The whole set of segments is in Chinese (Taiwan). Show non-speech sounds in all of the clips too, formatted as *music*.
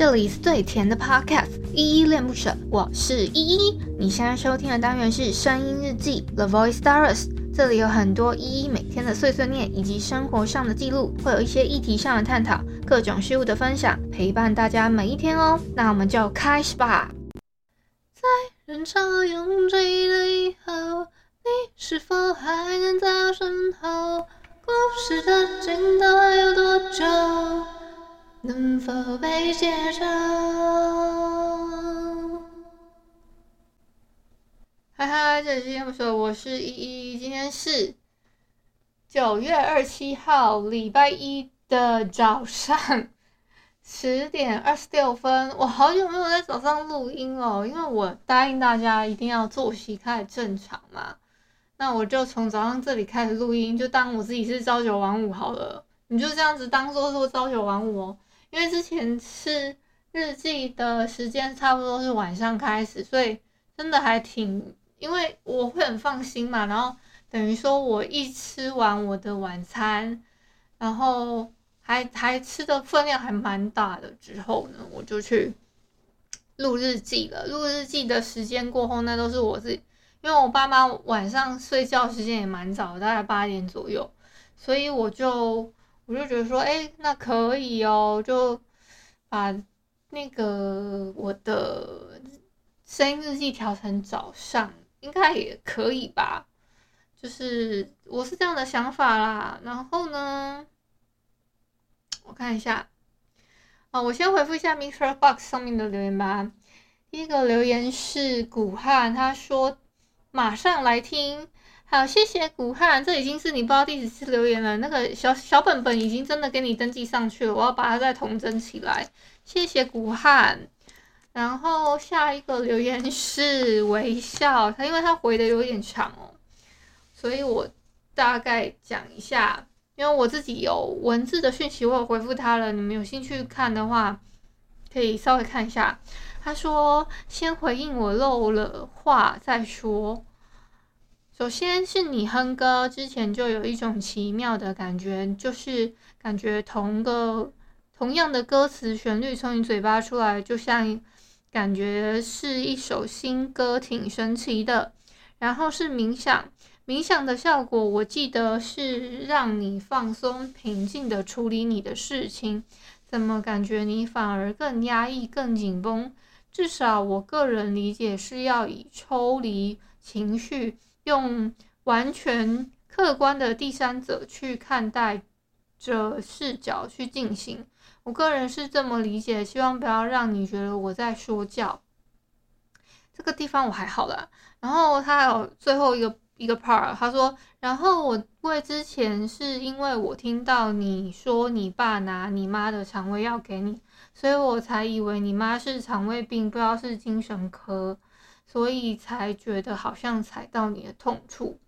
這裡最甜的 podcast 依依戀不舍，我是依依。你現在收聽的單元是聲音日記 The Voice Diaries。這裡有很多依依每天的碎碎念以及生活上的記錄，會有一些議題上的探討，各種事物的分享，陪伴大家每一天哦。那我們就開始吧。在人潮擁擠的以後，你是否還能在我身後？故事的盡頭還有多久？能否被接受。嗨嗨，hi hi, 這裡是右手，我是依依，今天是九月二七號，禮拜一的早上十點二十六分。我好久沒有在早上錄音了，因為我答應大家一定要作息開始正常嘛。那我就從早上這裡開始錄音，就當我自己是朝九晚五好了。你就這樣子當做做朝九晚五哦。因為之前吃日記的時間差不多是晚上開始，所以真的還挺，因為我會很放心嘛。然後等於說，我一吃完我的晚餐，然後還還吃的分量還蠻大的之後呢，我就去錄日記了。錄日記的時間過後，那都是我自己，因為我爸媽晚上睡覺時間也蠻早的，大概八點左右，所以我就。我就覺得說，哎、欸，那可以哦，就把那個我的聲音日記調成早上，應該也可以吧。就是我是這樣的想法啦。然後呢，我看一下，啊，我先回復一下 MixerBox 上面的留言吧。第一個留言是古漢，他說馬上來聽。好，謝謝古漢，這已經是你不知道第幾次留言了。那個小小本本已經真的給你登記上去了，我要把它再重整起來。謝謝古漢。然後下一個留言是微笑，他因為他回的有點長哦，所以我大概講一下，因為我自己有文字的訊息，我有回復他了。你們有興趣看的話，可以稍微看一下。他說，先回應我漏了話再說。首先是你哼歌，之前就有一種奇妙的感覺，就是感覺同個，同樣的歌詞旋律從你嘴巴出來，就像感覺是一首新歌，挺神奇的。然後是冥想，冥想的效果我記得是讓你放鬆、平靜地處理你的事情，怎麼感覺你反而更壓抑、更緊繃？至少我個人理解是要以抽離情緒。用完全客觀的第三者去看待，這視角去進行，我個人是這麼理解。希望不要讓你覺得我在說教。這個地方我還好啦。然後他還有最後一個一個 part，他說，然後我為之前是因為我聽到你說你爸拿你媽的腸胃藥給你，所以我才以為你媽是腸胃病，不知道是精神科。所以才覺得好像踩到你的痛處，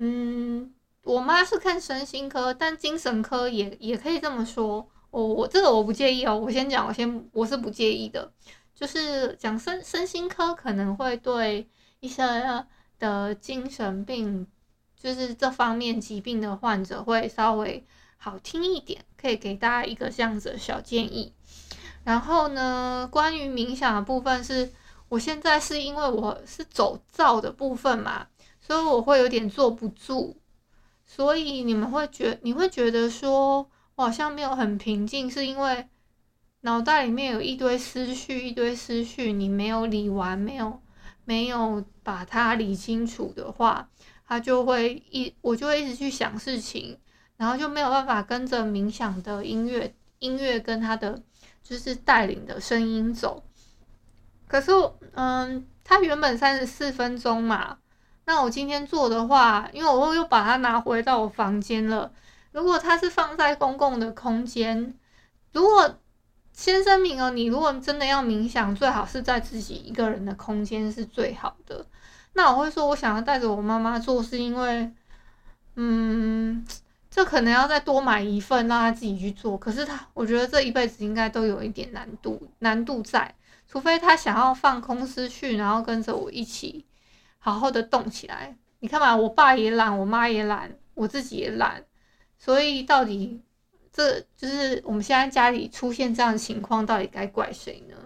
嗯，我媽是看身心科，但精神科也也可以這麼說。哦、我我這個我不介意哦，我先講，我先我是不介意的，就是講身身心科可能會對一些得精神病，就是這方面疾病的患者會稍微好聽一點，可以給大家一個這樣子的小建議。然後呢，關於冥想的部分是。我現在是因為我是走躁的部分嘛，所以我會有點坐不住，所以你們會覺你會覺得說我好像沒有很平靜，是因為腦袋裡面有一堆思緒，一堆思緒你沒有理完，沒有沒有把它理清楚的話，他就會一我就會一直去想事情，然後就沒有辦法跟着冥想的音樂、音樂跟他的就是帶領的聲音走。可是，嗯，它原本三十四分鐘嘛，那我今天做的話，因為我會又把它拿回到我房間了。如果它是放在公共的空間，如果先聲明哦，你如果真的要冥想，最好是在自己一個人的空間是最好的。那我會說，我想要帶着我媽媽做，是因為，嗯。這可能要再多買一份，讓他自己去做。可是他，我覺得這一輩子應該都有一點難度。難度在，除非他想要放空思緒，然後跟着我一起好好的動起來。你看嘛，我爸也懶，我媽也懶，我自己也懶，所以到底這就是我們現在家裡出現這樣的情況，到底該怪誰呢？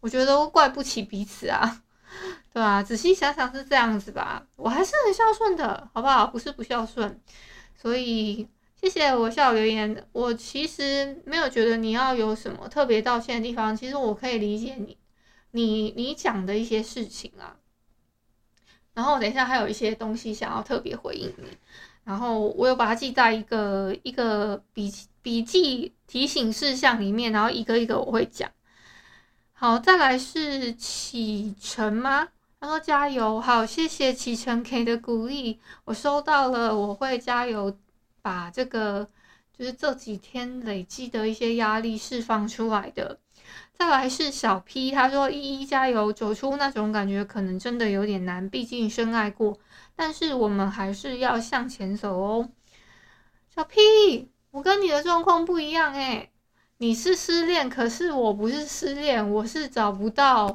我覺得都怪不起彼此啊，對吧？仔細想想是這樣子吧。我還是很孝順的，好不好？不是不孝順。所以，謝謝我下午留言。我其實沒有覺得你要有什麼特別道歉的地方，其實我可以理解你。你你講的一些事情啊，然後等一下還有一些東西想要特別回應你，然後我有把它記在一個一個筆記筆記提醒事項裡面，然後一個一個我會講。好，再來是啟程嗎？說加油，好，謝謝齊晨給的鼓勵，我收到了，我會加油，把這個就是這幾天累積的一些壓力釋放出來的。再來是小 P，他說依依加油，走出那種感覺可能真的有點難，畢竟深愛過，但是我們還是要向前走哦。小 P，我跟你的狀況不一樣哎、欸。你是失戀，可是我不是失戀，我是找不到，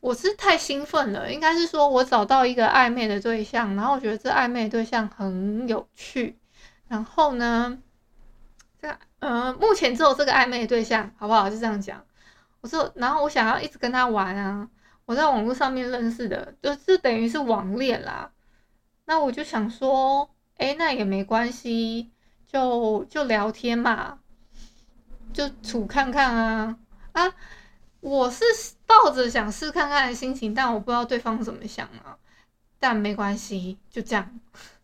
我是太興奮了，應該是說我找到一個曖昧的對象，然後我覺得這曖昧對象很有趣，然後呢，這、嗯、呃目前只有這個曖昧對象，好不好？就這樣講，我說，然後我想要一直跟他玩啊，我在網絡上面認識的，就是等於是網戀啦，那我就想說，哎、欸，那也沒關係，就就聊天嘛。就處看看啊啊！我是抱着想試看看的心情，但我不知道對方怎麼想啊。但沒關係，就這樣。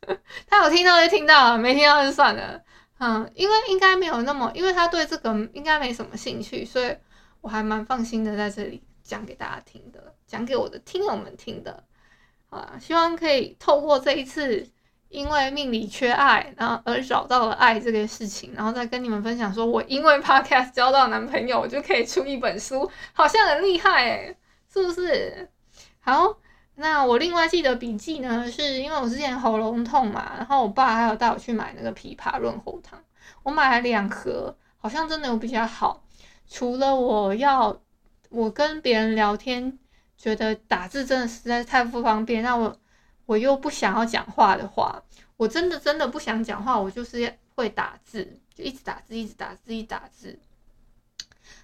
*laughs* 他有聽到就聽到了，沒聽到就算了。嗯，因為應該沒有那麼，因為他對這個應該沒什麼興趣，所以我還蠻放心的，在這裡講給大家聽的，講給我的聽友們聽的。好了，希望可以透過這一次。因為命裡缺愛，然後而找到了愛這件事情，然後再跟你們分享，說我因為 podcast 交到男朋友，我就可以出一本書，好像很厲害誒，是不是？好，那我另外記得筆記呢，是因為我之前喉嚨痛嘛，然後我爸還有帶我去買那個枇杷潤喉糖，我買了兩盒，好像真的有比較好。除了我要我跟別人聊天，覺得打字真的實在是太不方便，那我。我又不想要講話的話，我真的真的不想講話，我就是會打字，就一直打字，一直打字，一直打字。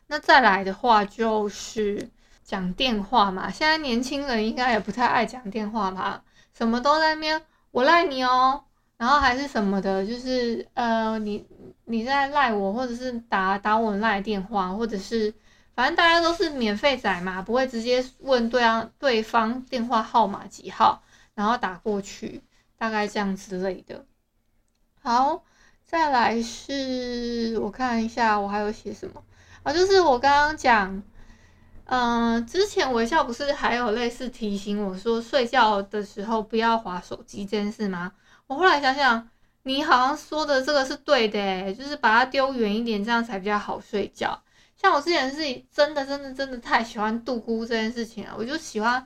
那再來的話就是講電話嘛，現在年輕人應該也不太愛講電話吧，什麼都在那邊我賴你哦，然後還是什麼的，就是呃，你你在賴我，或者是打打我賴電話，或者是反正大家都是免費仔嘛，不會直接問對方、啊、對方電話號碼幾號。然後打過去，大概這樣之類的。好，再來是我看一下，我還有寫什麼啊？就是我剛剛講，嗯、呃，之前微笑不是還有類似提醒我說睡覺的時候不要滑手機這件事嗎？我後來想想，你好像說的這個是對的誒、欸，就是把它丟遠一點，這樣才比較好睡覺。像我之前是真的真的真的太喜歡度孤這件事情了，我就喜歡。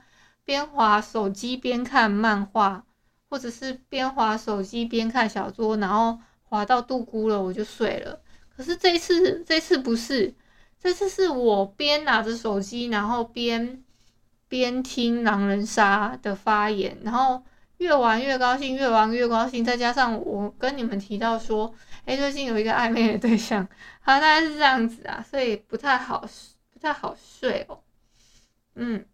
邊滑手機邊看漫畫，或者是邊滑手機邊看小說，然後滑到杜姑了我就睡了。可是這次這次不是，這次是我邊拿着手機，然後邊邊聽狼人殺的發言，然後越玩越高興，越玩越高興。再加上我跟你們提到說，誒、欸，最近有一個曖昧的對象，他、啊，大概是這樣子啊，所以不太好不太好睡哦。嗯。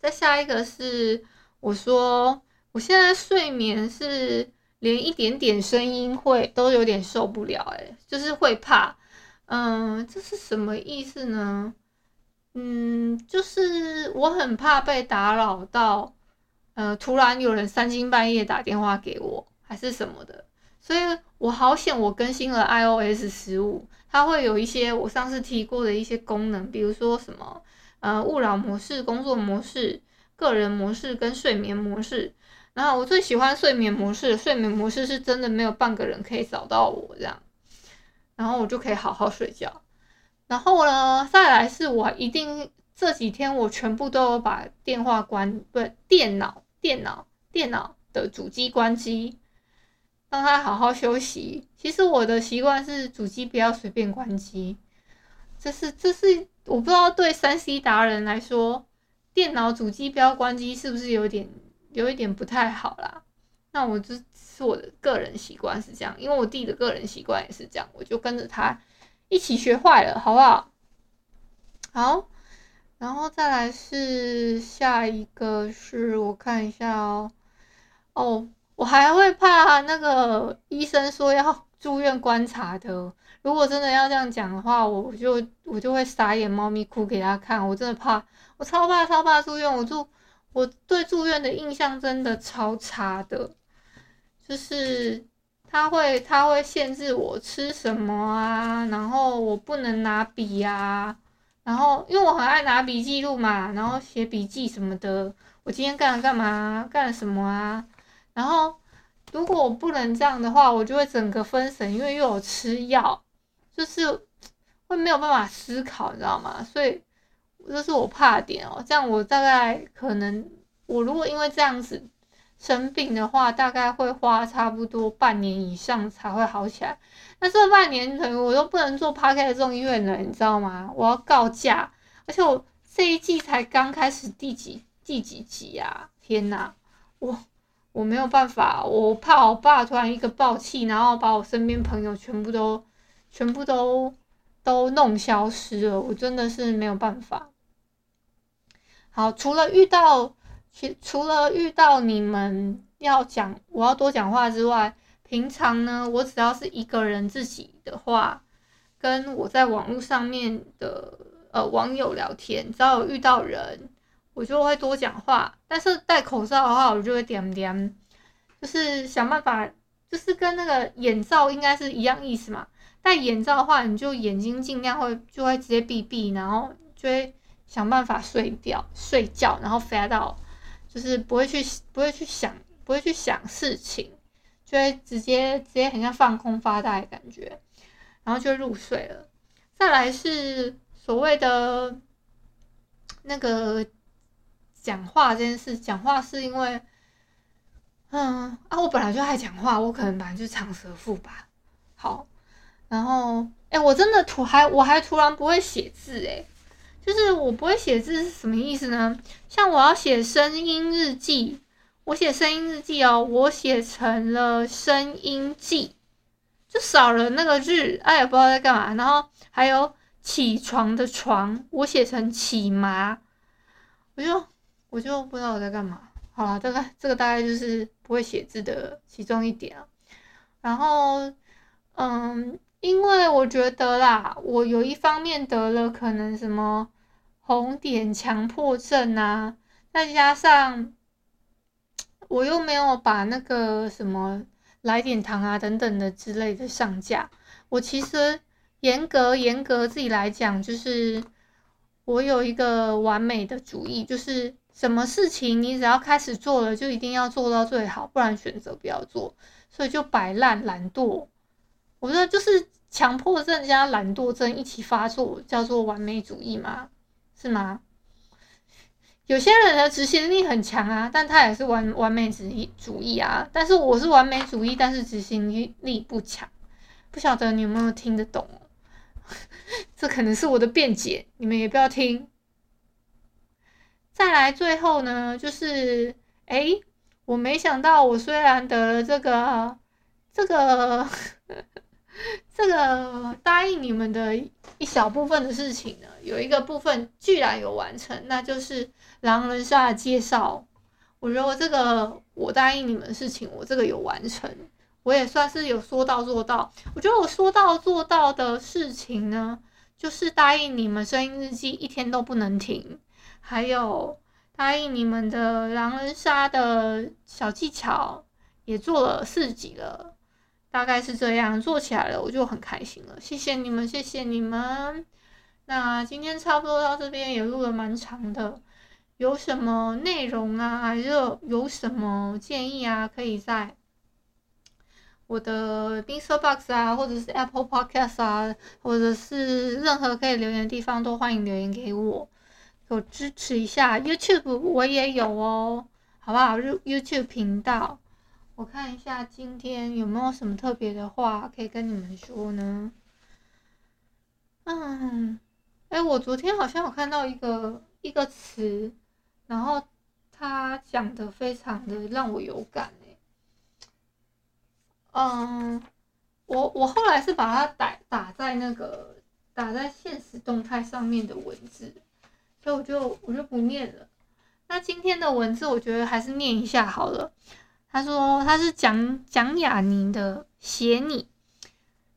再下一個是我說，我現在睡眠是連一點點聲音會都有點受不了，誒，就是會怕，嗯，這是什麼意思呢？嗯，就是我很怕被打擾到，呃，突然有人三更半夜打電話給我還是什麼的，所以我好險我更新了 iOS 十五，它會有一些我上次提過的一些功能，比如說什麼。呃，勿擾模式、工作模式、個人模式跟睡眠模式。然後我最喜歡睡眠模式，睡眠模式是真的沒有半個人可以找到我這樣，然後我就可以好好睡覺。然後呢，再來是我一定這幾天我全部都有把電話關，不對，電腦、電腦、電腦的主機關機，讓他好好休息。其實我的習慣是主機不要隨便關機，這是這是。我不知道對三 C 達人來說，電腦主機不要關機是不是有點有一點不太好啦？那我就是，是我的個人習慣是這樣，因為我弟的個人習慣也是這樣，我就跟着他一起學壞了，好不好？好，然後再來是下一個，是我看一下哦、喔，哦，我還會怕那個醫生說要住院觀察的。如果真的要這樣講的話，我我就我就會傻眼貓咪，哭給他看。我真的怕，我超怕超怕住院。我住，我對住院的印象真的超差的。就是他會他會限制我吃什麼啊，然後我不能拿筆呀，然後因為我很愛拿筆記錄嘛，然後寫筆記什麼的。我今天幹了幹嘛？幹了什麼啊？然後如果我不能這樣的話，我就會整個分神，因為又有吃藥。就是會沒有辦法思考，你知道嗎？所以這是我怕的點哦。這樣我大概可能，我如果因為這樣子生病的話，大概會花差不多半年以上才會好起來。那這半年等於我都不能做 Parker 的綜藝了，你知道嗎？我要告假，而且我這一季才剛開始第幾第幾集啊？天吶，我我沒有辦法，我怕我爸突然一個爆氣，然後把我身邊朋友全部都。全部都都弄消失了，我真的是沒有辦法。好，除了遇到，其，除了遇到你們要講，我要多講話之外，平常呢，我只要是一個人自己的話，跟我在網絡上面的呃網友聊天，只要有遇到人，我就會多講話。但是戴口罩的話，我就會點點，就是想辦法，就是跟那個眼罩應該是一樣意思嘛。戴眼罩的話，你就眼睛盡量會就會直接閉閉，然後就會想辦法睡掉睡覺，然後發到就是不會去不會去想不會去想事情，就會直接直接很像放空發呆的感覺，然後就入睡了。再來是所謂的那個講話這件事，講話是因為，嗯啊，我本來就愛講話，我可能本來就是長舌婦吧，好。然後，哎，我真的圖還我還突然不會寫字誒，誒就是我不會寫字是什麼意思呢？像我要寫聲音日記，我寫聲音日記哦，我寫成了聲音記，就少了那個日，哎，也不知道在幹嘛。然後還有起床的床，我寫成起麻，我就我就不知道我在幹嘛。好了，這個這個大概就是不會寫字的其中一點啊。然後，嗯。因為我覺得啦，我有一方面得了可能什麼紅點強迫症啊，再加上我又沒有把那個什麼來點糖啊等等的之類的上架。我其實嚴格嚴格自己來講，就是我有一個完美的主義，就是什麼事情你只要開始做了，就一定要做到最好，不然選擇不要做。所以就擺爛懶惰。我說就是強迫症加懶惰症一起發作，叫做完美主義嘛，是嗎？有些人的執行力很強啊，但他也是完完美主義主義啊。但是我是完美主義，但是執行力不強，不曉得你有沒有聽得懂？ *laughs* 這可能是我的辯解，你們也不要聽。再來最後呢，就是誒、欸，我沒想到，我雖然得了這個這個。這個答應你們的一小部分的事情呢，有一個部分居然有完成，那就是狼人殺的介紹。我覺得我這個我答應你們的事情，我這個有完成，我也算是有說到做到。我覺得我說到做到的事情呢，就是答應你們聲音日記一天都不能停，還有答應你們的狼人殺的小技巧也做了四集了。大概是這樣做起來了，我就很開心了。謝謝你們，謝謝你們。那今天差不多到這邊也錄了蠻長的，有什麼內容啊，還是有什麼建議啊，可以在我的 MixerBox 啊，或者是 Apple Podcast 啊，或者是任何可以留言的地方都歡迎留言給我，我支持一下 YouTube 我也有哦，好不好？YouTube 頻道。我看一下今天有沒有什麼特別的話可以跟你們說呢？嗯，哎、欸，我昨天好像有看到一個一個詞，然後他講得非常的讓我有感、欸、嗯，我我後來是把它打打在那個打在限時動態上面的文字，所以我就我就不念了。那今天的文字，我覺得還是念一下好了。他說：“他是蔣蔣雅妮的寫你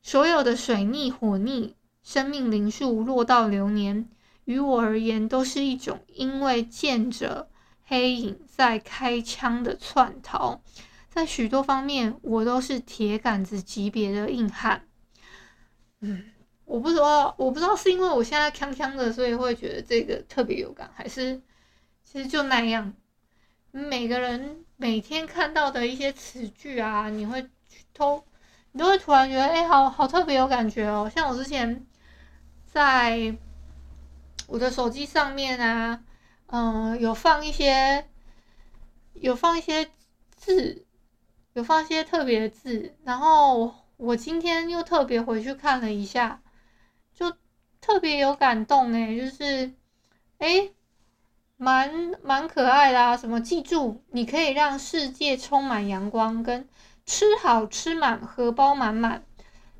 所有的水逆火逆生命靈數落到流年，於我而言都是一種因為見着黑影在開槍的竄逃，在許多方面我都是鐵桿子級別的硬漢。”嗯，我不知道，我不知道是因為我現在鏘鏘的，所以會覺得這個特別有感，還是其實就那樣。每個人每天看到的一些詞句啊，你會都，你都會突然覺得，哎，好好特別有感覺哦。像我之前，在我的手機上面啊，嗯，有放一些，有放一些字，有放一些特別的字，然後我今天又特別回去看了一下，就特別有感動哎，就是哎。蠻蠻可愛的啊！什麼？記住，你可以讓世界充滿陽光，跟吃好吃滿、荷包滿滿，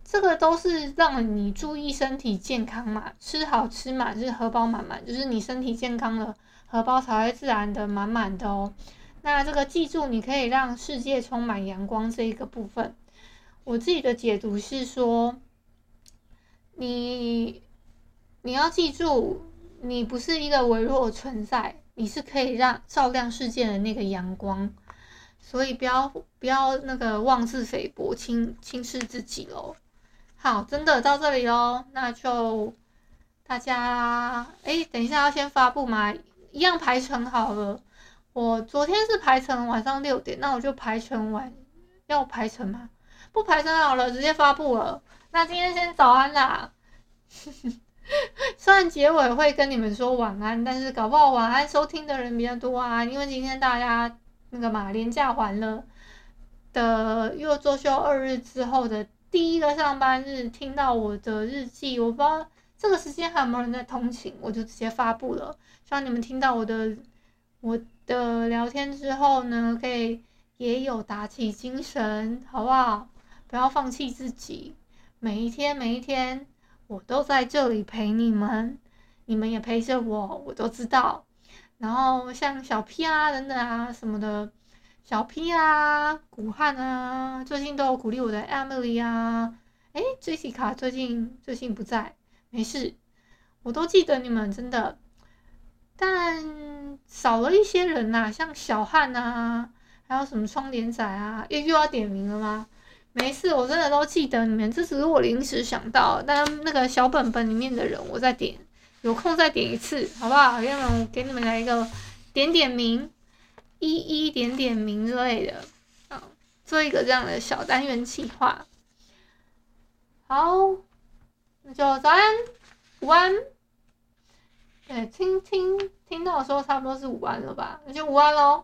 這個都是讓你注意身體健康嘛。吃好吃滿是荷包滿滿，就是你身體健康了，荷包才會自然的滿滿的哦。那這個記住，你可以讓世界充滿陽光這一個部分，我自己的解讀是說，你你要記住。你不是一個微弱的存在，你是可以讓照亮世界的那個陽光，所以不要不要那個妄自菲薄、輕輕視自己嘍。好，真的到這裡嘍，那就大家哎，等一下要先發布嗎？一樣排程好了。我昨天是排程晚上六點，那我就排程晚，要排程嗎？不排程好了，直接發布了。那今天先早安啦。 *laughs* 雖然結尾會跟你們說晚安，但是搞不好晚安收聽的人比較多啊，因為今天大家那個嘛，連假還了的，又週休二日之後的第一個上班日，聽到我的日記，我不知道這個時間還有沒有人在通勤，我就直接發布了，希望你們聽到我的我的聊天之後呢，可以也有打起精神，好不好？不要放棄自己，每一天，每一天。我都在這裡陪你們，你們也陪着我，我都知道。然後像小 P 啊、等等啊什麼的，小 P 啊、古漢啊，最近都有鼓勵我的 Emily 啊，誒，Jessica 最近最近不在，沒事，我都記得你們真的。但少了一些人吶、啊，像小漢啊，還有什麼窗簾仔啊？又又要點名了嗎？沒事，我真的都記得你們。這只是我臨時想到，但那個小本本裡面的人，我再點，有空再點一次，好不好？要不然我給你們來一個點點名，一一點點名之類的，啊，做一個這樣的小單元企劃。好，那就早安。午安。哎，聽聽聽到的時候差不多是午安了吧？那就午安嘍。